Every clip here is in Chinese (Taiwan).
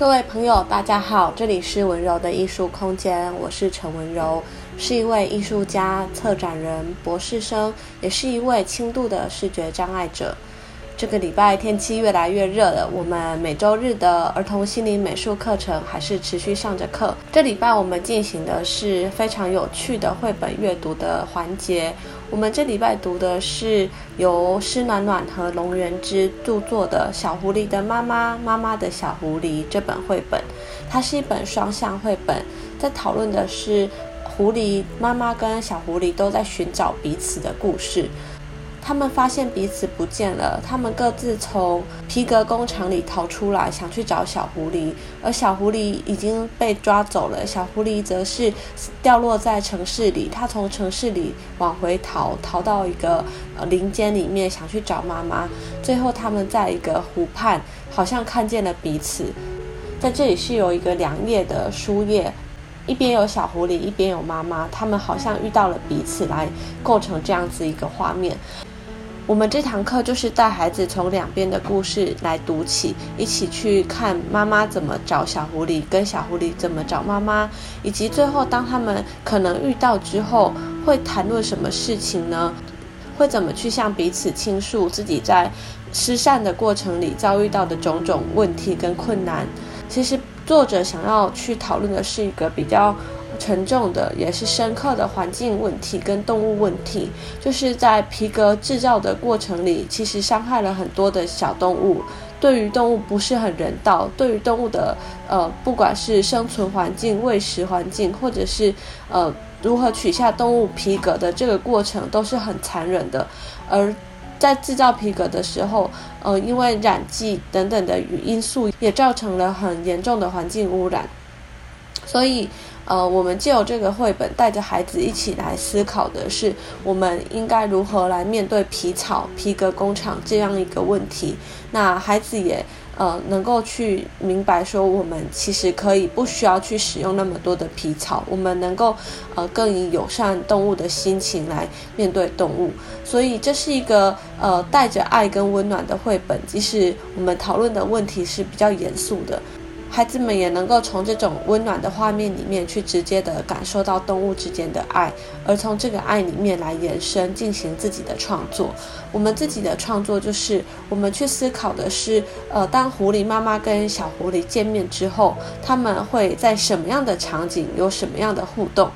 各位朋友，大家好，這裡是雯柔的藝術空間，我是陳雯柔，是一位藝術家、策展人、博士生，也是一位輕度的視覺障礙者。這個禮拜天氣越來越熱了，我們每周日的兒童心靈美術課程還是持續上着課。這禮拜我們進行的是非常有趣的繪本閱讀的環節。我們這禮拜讀的是由施暖暖和龍原之著作的《小狐狸的媽媽，媽媽的小狐狸》這本繪本。它是一本雙向繪本，在討論的是狐狸媽媽跟小狐狸都在尋找彼此的故事。他們發現彼此不見了，他們各自從皮革工廠裡逃出來，想去找小狐狸，而小狐狸已經被抓走了。小狐狸則是掉落在城市裡，他從城市裡往回逃，逃到一個林間裡面，想去找媽媽。最後，他們在一個湖畔，好像看見了彼此。在這裡是有一個兩頁的書頁，一邊有小狐狸，一邊有媽媽，他們好像遇到了彼此，來構成這樣子一個畫面。我們這堂課就是帶孩子從兩邊的故事來讀起，一起去看媽媽怎麼找小狐狸，跟小狐狸怎麼找媽媽，以及最後當他們可能遇到之後會談論什麼事情呢？會怎麼去向彼此傾訴自己在失散的過程裡遭遇到的種種問題跟困難。其實作者想要去討論的是一個比較，沉重的也是深刻的環境問題跟動物問題，就是在皮革製造的過程裡，其實傷害了很多的小動物。對於動物不是很人道，對於動物的呃，不管是生存環境、餵食環境，或者是呃如何取下動物皮革的這個過程，都是很殘忍的。而在製造皮革的時候，呃，因為染劑等等的因素，也造成了很嚴重的環境污染，所以。呃，我們借由這個繪本，帶着孩子一起來思考的是，我們應該如何來面對皮草、皮革工廠這樣一個問題。那孩子也呃，能夠去明白說，我們其實可以不需要去使用那麼多的皮草，我們能夠呃，更以友善動物的心情來面對動物。所以這是一個呃，帶着愛跟溫暖的繪本，即使我們討論的問題是比較嚴肅的。孩子們也能夠從這種溫暖的畫面裡面去直接的感受到動物之間的愛，而從這個愛裡面來延伸進行自己的創作。我們自己的創作就是我們去思考的是，呃，當狐狸媽媽跟小狐狸見面之後，他們會在什麼樣的場景，有什麼樣的互動？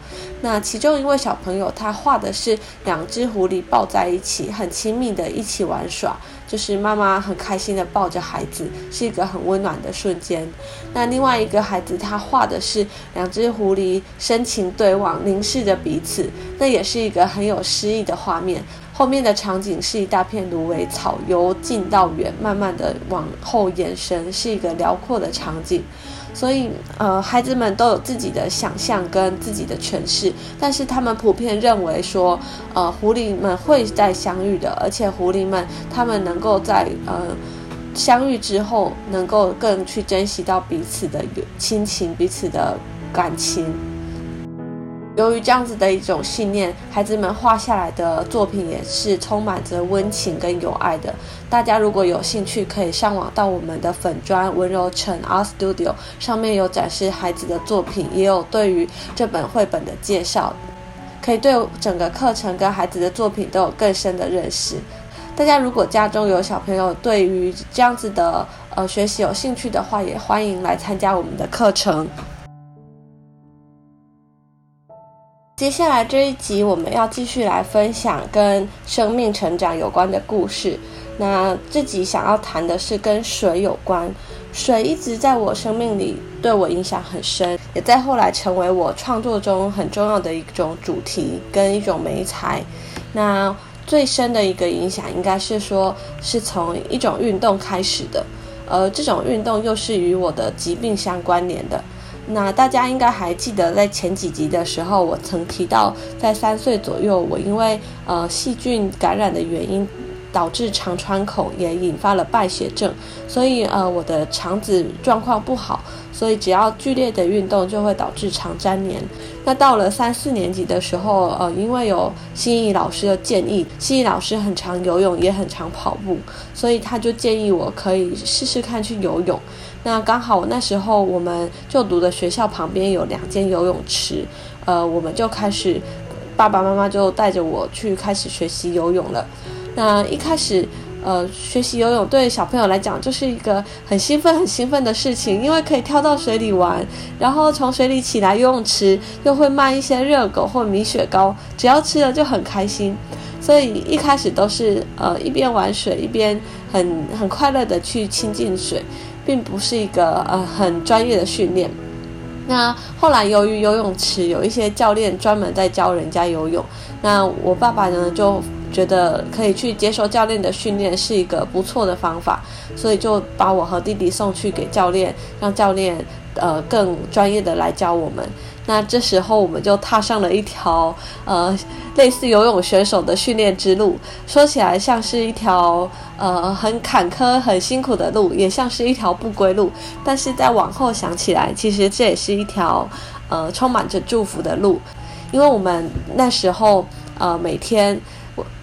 那其中一位小朋友他畫的是兩隻狐狸抱在一起，很親密的一起玩耍。就是媽媽很開心的抱着孩子，是一個很溫暖的瞬間。那另外一個孩子，他畫的是兩隻狐狸深情對望，凝視着彼此，那也是一個很有詩意的畫面。後面的場景是一大片蘆葦草，由近到遠，慢慢的往後延伸，是一個遼闊的場景。所以，呃，孩子們都有自己的想象跟自己的詮釋，但是他們普遍認為說，呃，狐狸們會再相遇的，而且狐狸們他們能夠在呃相遇之後，能夠更去珍惜到彼此的友情、親情、彼此的感情。由於這樣子的一種信念，孩子們畫下來的作品也是充滿着溫情跟友愛的。大家如果有興趣，可以上網到我們的粉專雯柔 Art Studio，上面有展示孩子的作品，也有對於這本繪本的介紹的，可以對整個課程跟孩子的作品都有更深的認識。大家如果家中有小朋友對於這樣子的呃學習有興趣的話，也歡迎來參加我們的課程。接下來這一集我們要繼續來分享跟生命成長有關的故事。那這集想要談的是跟水有關。水一直在我生命裡對我影響很深，也在後來成為我創作中很重要的一種主題跟一種媒材。那最深的一個影響應該是說，是從一種運動開始的。而這種運動又是與我的疾病相關聯的。那大家應該還記得，在前幾集的時候，我曾提到，在三歲左右，我因為呃，細菌感染的原因，導致腸穿孔，也引發了敗血症，所以呃，我的腸子狀況不好，所以只要劇烈的運動就會導致腸粘連。那到了三四年級的時候，呃，因為有心意老師的建議，心意老師很常游泳，也很常跑步，所以他就建議我可以試試看去游泳。那剛好我那時候我們就讀的學校旁邊有兩間游泳池，呃，我們就開始，爸爸媽媽就帶着我去開始學習游泳了。那一開始，呃，學習游泳對小朋友來講就是一個很興奮、很興奮的事情，因為可以跳到水裡玩，然後從水裡起來，游泳池又會賣一些熱狗或米雪糕，只要吃了就很開心。所以一開始都是呃一邊玩水一邊很很快樂的去親近水，並不是一個呃很專業的訓練。那後來由於游泳池有一些教練專門在教人家游泳，那我爸爸呢就覺得可以去接受教練的訓練是一個不錯的方法，所以就把我和弟弟送去給教練，讓教練呃更專業的來教我們。那這時候我們就踏上了一條呃類似游泳選手的訓練之路，說起來像是一條呃很坎坷、很辛苦的路，也像是一條不歸路。但是再往後想起來，其實這也是一條呃充滿着祝福的路，因為我們那時候呃每天。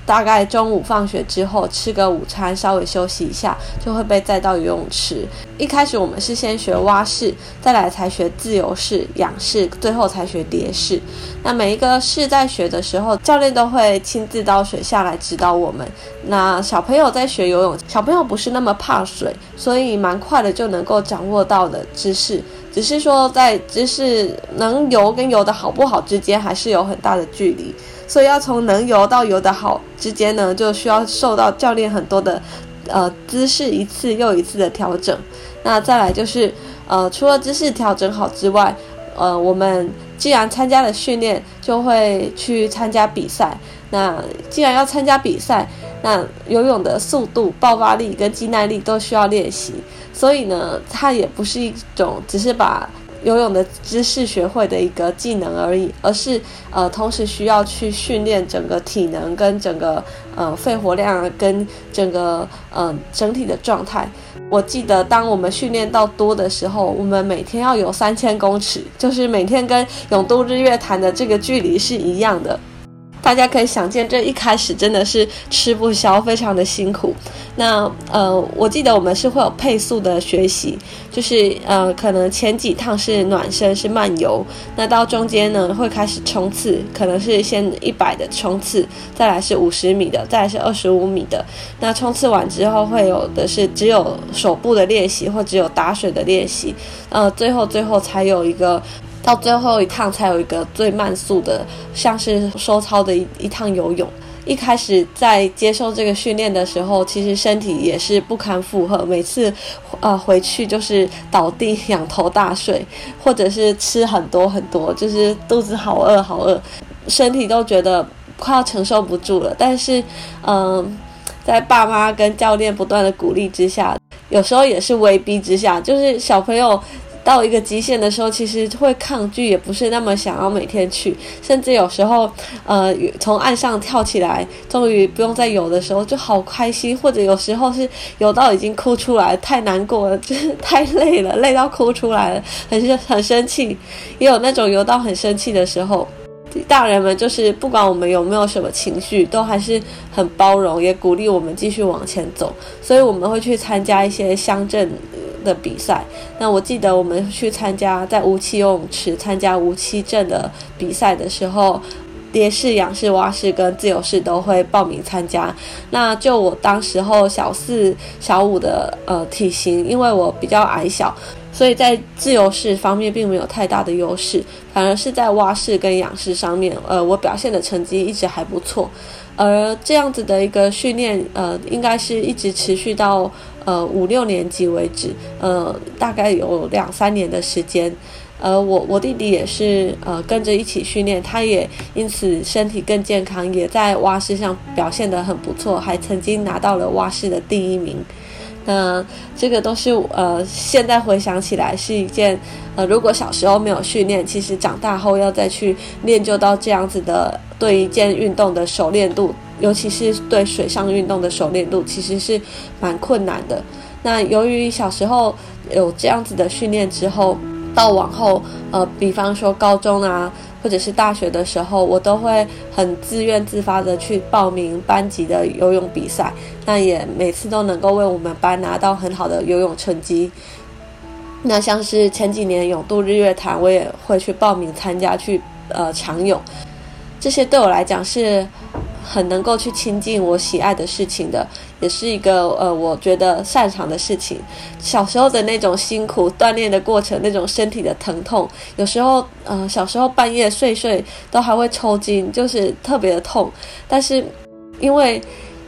大概中午放學之後，吃個午餐，稍微休息一下，就會被載到游泳池。一開始我們是先學蛙式，再來才學自由式、仰式，最後才學蝶式。那每一個式在學的時候，教練都會親自到水下來指導我們。那小朋友在學游泳，小朋友不是那麼怕水，所以蠻快的就能夠掌握到的姿勢。只是說在姿勢能游跟游的好不好之間，還是有很大的距離。所以要從能游到游得好之間呢，就需要受到教練很多的，呃，姿勢一次又一次的調整。那再來就是，呃，除了姿勢調整好之外，呃，我們既然參加了訓練，就會去參加比賽。那既然要參加比賽，那游泳的速度、爆發力跟肌耐力都需要練習。所以呢，它也不是一種只是把。游泳的知識，學會的一個技能而已，而是呃，同時需要去訓練整個體能跟整個，呃，肺活量啊，跟整個嗯，整體的狀態。我記得，當我們訓練到多的時候，我們每天要有三千公尺，就是每天跟泳渡日月潭的這個距離是一樣的。大家可以想見，這一開始真的是吃不消，非常的辛苦。那呃，我記得我們是會有配速的學習，就是呃，可能前幾趟是暖身，是慢游。那到中間呢，會開始衝刺，可能是先一百的衝刺，再來是五十米的，再來是二十五米的。那衝刺完之後，會有的是只有手部的練習，或只有打水的練習。呃，最後最後才有一個。到最後一趟才有一個最慢速的，像是收操的一一趟游泳。一開始在接受這個訓練的時候，其實身體也是不堪負荷，每次，呃，回去就是倒地仰頭大睡，或者是吃很多很多，就是肚子好餓好餓，身體都覺得快要承受不住了。但是，嗯、呃，在爸媽跟教練不斷的鼓勵之下，有時候也是威逼之下，就是小朋友。到一個極限的時候，其實會抗拒，也不是那麼想要每天去，甚至有時候，呃，從岸上跳起來，終於不用再游的時候，就好開心；或者有時候是游到已經哭出來，太難過了，就是太累了，累到哭出來了，是很，很生氣，也有那種游到很生氣的時候。大人們就是不管我們有沒有什麼情緒，都還是很包容，也鼓勵我們繼續往前走。所以我們會去參加一些鄉鎮。的比賽，那我記得我們去參加在無期游泳池參加無期鎮的比賽的時候，蝶式、仰式、蛙式跟自由式都會報名參加。那就我當時候小四、小五的呃體型，因為我比較矮小，所以在自由式方面並沒有太大的優勢，反而是在蛙式跟仰式上面，呃，我表現的成績一直還不錯。而這樣子的一個訓練，呃，應該是一直持續到呃五六年級為止，呃，大概有兩三年的時間。呃，我我弟弟也是呃跟着一起訓練，他也因此身體更健康，也在蛙式上表現得很不錯，還曾經拿到了蛙式的第一名。那這個都是呃，現在回想起來是一件呃，如果小時候沒有訓練，其實長大後要再去練就到這樣子的對一件運動的熟練度，尤其是對水上運動的熟練度，其實是蠻困難的。那由於小時候有這樣子的訓練之後，到往後，呃，比方說高中啊，或者是大學的時候，我都會很自願自發的去報名班級的游泳比賽，那也每次都能夠為我們班拿到很好的游泳成績。那像是前幾年泳渡日月潭，我也會去報名參加去呃長泳，這些對我來講是很能夠去親近我喜愛的事情的。也是一個呃，我覺得擅長的事情。小時候的那種辛苦鍛鍊的過程，那種身體的疼痛，有時候呃，小時候半夜睡睡都還會抽筋，就是特別的痛。但是因為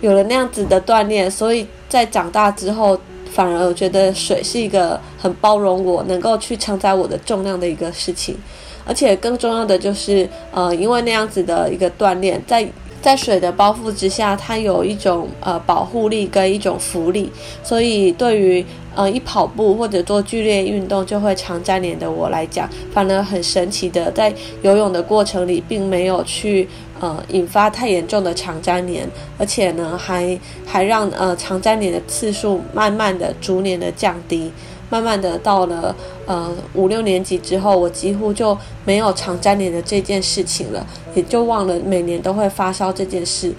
有了那樣子的鍛鍊，所以在長大之後反而我覺得水是一個很包容我、能夠去承載我的重量的一個事情。而且更重要的就是呃，因為那樣子的一個鍛鍊，在。在水的包覆之下，它有一種呃保護力跟一種浮力，所以對於呃一跑步或者做劇烈運動就會常粘臉的我來講，反而很神奇的，在游泳的過程裡並沒有去呃引發太嚴重的常粘臉，而且呢還還讓呃常粘臉的次數慢慢的、逐年的降低。慢慢的到了呃五六年級之後，我幾乎就沒有長粘連的這件事情了，也就忘了每年都會發燒這件事。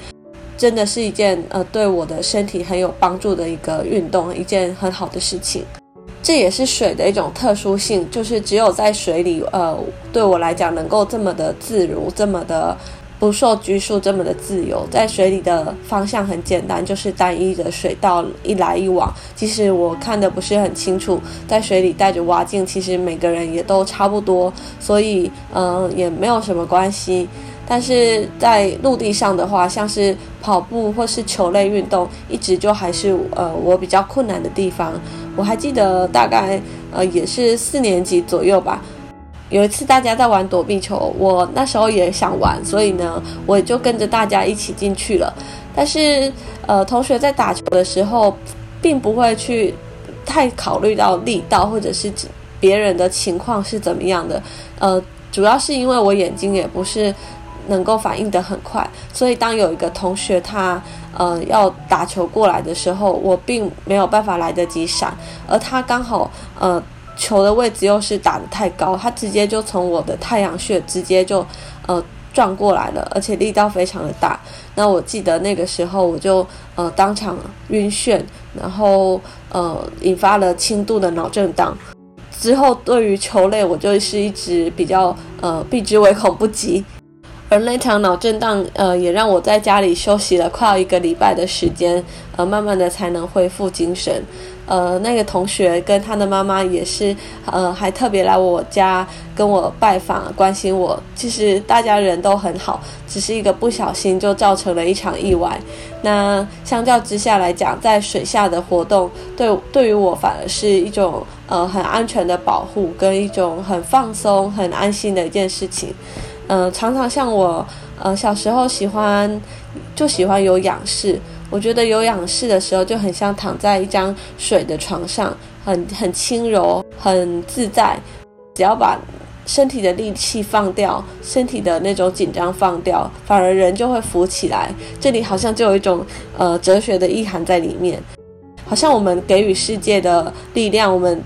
真的是一件呃對我的身體很有幫助的一個運動，一件很好的事情。這也是水的一種特殊性，就是只有在水裡，呃，對我來講能夠這麼的自如，這麼的。不受拘束，這麼的自由，在水裡的方向很簡單，就是單一的水道一來一往。其實我看的不是很清楚，在水裡戴着蛙鏡，其實每個人也都差不多，所以嗯，也沒有什麼關係。但是在陸地上的話，像是跑步或是球類運動，一直就還是呃我比較困難的地方。我還記得大概呃也是四年級左右吧。有一次大家在玩躲避球，我那時候也想玩，所以呢，我就跟着大家一起進去了。但是，呃，同學在打球的時候，並不會去太考慮到力道或者是別人的情況是怎麼樣的。呃，主要是因為我眼睛也不是能夠反應得很快，所以當有一個同學他呃要打球過來的時候，我並沒有辦法來得及閃，而他剛好呃。球的位置又是打得太高，它直接就從我的太陽穴直接就呃撞過來了，而且力道非常的大。那我記得那個時候我就呃當場暈眩，然後呃引發了輕度的腦震盪。之後對於球類，我就是一直比較呃避之唯恐不及。而那場腦震盪呃也讓我在家裡休息了快要一個禮拜的時間，呃慢慢的才能恢復精神。呃，那個同學跟他的媽媽也是，呃，還特別來我家跟我拜訪，關心我。其實大家人都很好，只是一個不小心就造成了一場意外。那相較之下來講，在水下的活動，對對於我反而是一種呃很安全的保護，跟一種很放鬆、很安心的一件事情。嗯、呃，常常像我，呃，小時候喜歡，就喜歡游仰式。我覺得游仰式的時候就很像躺在一張水的床上，很很輕柔，很自在。只要把身體的力氣放掉，身體的那種緊張放掉，反而人就會浮起來。這裡好像就有一種呃哲學的意涵在裡面，好像我們給予世界的力量，我們。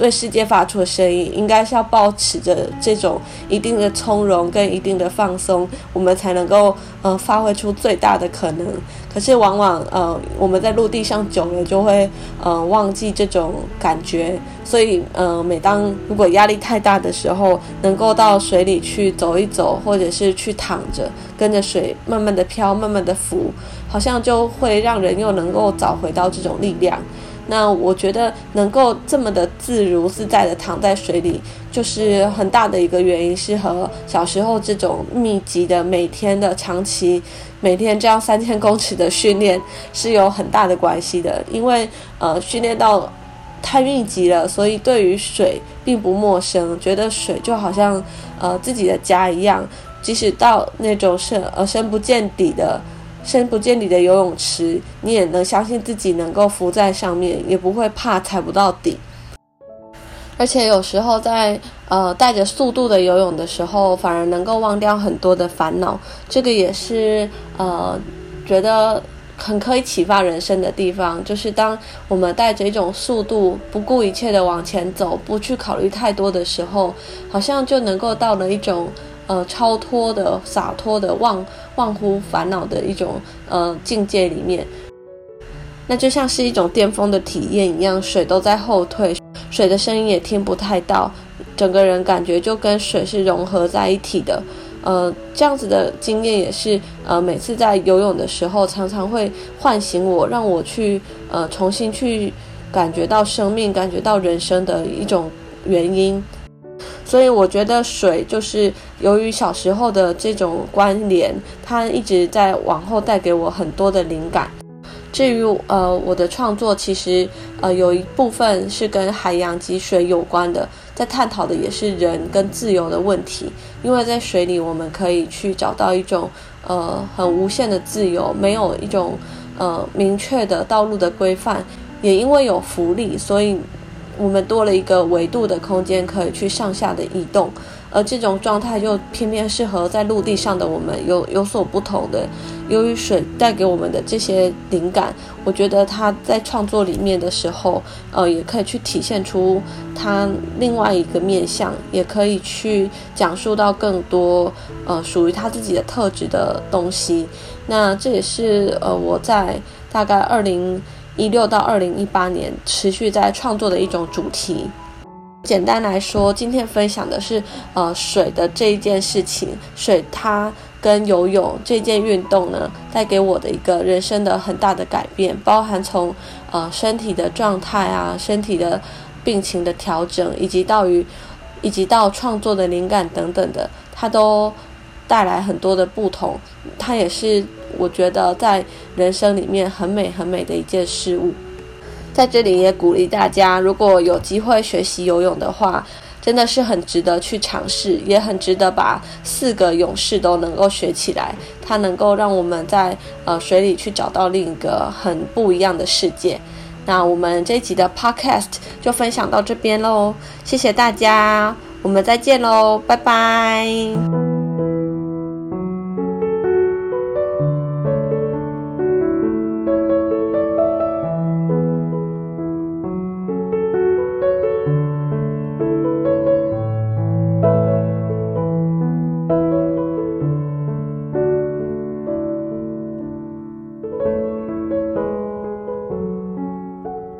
對世界發出的聲音，應該是要保持着這種一定的從容跟一定的放鬆，我們才能夠嗯、呃、發揮出最大的可能。可是往往呃我們在陸地上久了，就會嗯、呃、忘記這種感覺。所以嗯、呃，每當如果壓力太大的時候，能夠到水裡去走一走，或者是去躺着，跟着水慢慢的飄，慢慢的浮，好像就會讓人又能夠找回到這種力量。那我覺得能夠這麼的自如自在的躺在水裡，就是很大的一個原因，是和小時候這種密集的每天的長期，每天這樣三千公尺的訓練是有很大的關係的。因為呃，訓練到太密集了，所以對於水並不陌生，覺得水就好像呃自己的家一樣。即使到那種深呃深不見底的。深不見底的游泳池，你也能相信自己能夠浮在上面，也不會怕踩不到底。而且有時候在呃帶着速度的游泳的時候，反而能夠忘掉很多的煩惱。這個也是呃覺得很可以啟發人生的地方，就是當我們帶着一種速度，不顧一切的往前走，不去考慮太多的時候，好像就能夠到了一種。呃，超脫的、灑脫的、忘忘乎煩惱的一種呃境界裡面，那就像是一種巔峰的體驗一樣，水都在後退，水的聲音也聽不太到，整個人感覺就跟水是融合在一起的。呃，這樣子的經驗也是呃，每次在游泳的時候，常常會喚醒我，讓我去呃重新去感覺到生命，感覺到人生的一種原因。所以我覺得水就是由於小時候的這種關聯，它一直在往後帶給我很多的靈感。至於呃我的創作，其實呃有一部分是跟海洋及水有關的，在探討的也是人跟自由的問題。因為在水裡，我們可以去找到一種呃很無限的自由，沒有一種呃明確的道路的規範，也因為有浮力，所以。我們多了一個維度的空間可以去上下的移動，而這種狀態又偏偏適合在陸地上的我們有有所不同的。由於水帶給我們的這些靈感，我覺得他在創作裡面的時候，呃，也可以去體現出他另外一個面向，也可以去講述到更多呃屬於他自己的特質的東西。那這也是呃我在大概二零。一六到二零一八年持續在創作的一種主題。簡單來說，今天分享的是呃水的這一件事情。水它跟游泳這件運動呢，帶給我的一個人生的很大的改變，包含從呃身體的狀態啊、身體的病情的調整，以及到於，以及到創作的靈感等等的，它都帶來很多的不同。它也是。我覺得在人生裡面很美很美的一件事物，在這裡也鼓勵大家，如果有機會學習游泳的話，真的是很值得去嘗試，也很值得把四個泳式都能夠學起來。它能夠讓我們在呃水裡去找到另一個很不一樣的世界。那我們這一集的 Podcast 就分享到這邊嘍，謝謝大家，我們再見嘍，拜拜。